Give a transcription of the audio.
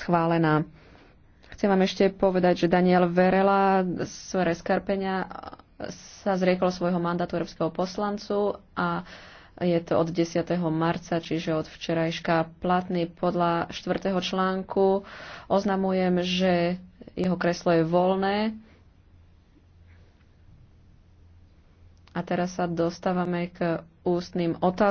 schválená. Chcem vám ešte povedať, že Daniel Verela z Reskarpenia sa zriekol svojho mandátu európskeho poslancu a je to od 10. marca, čiže od včerajška platný. Podľa 4. článku oznamujem, že jeho kreslo je voľné. A teraz sa dostávame k ústnym otázkam.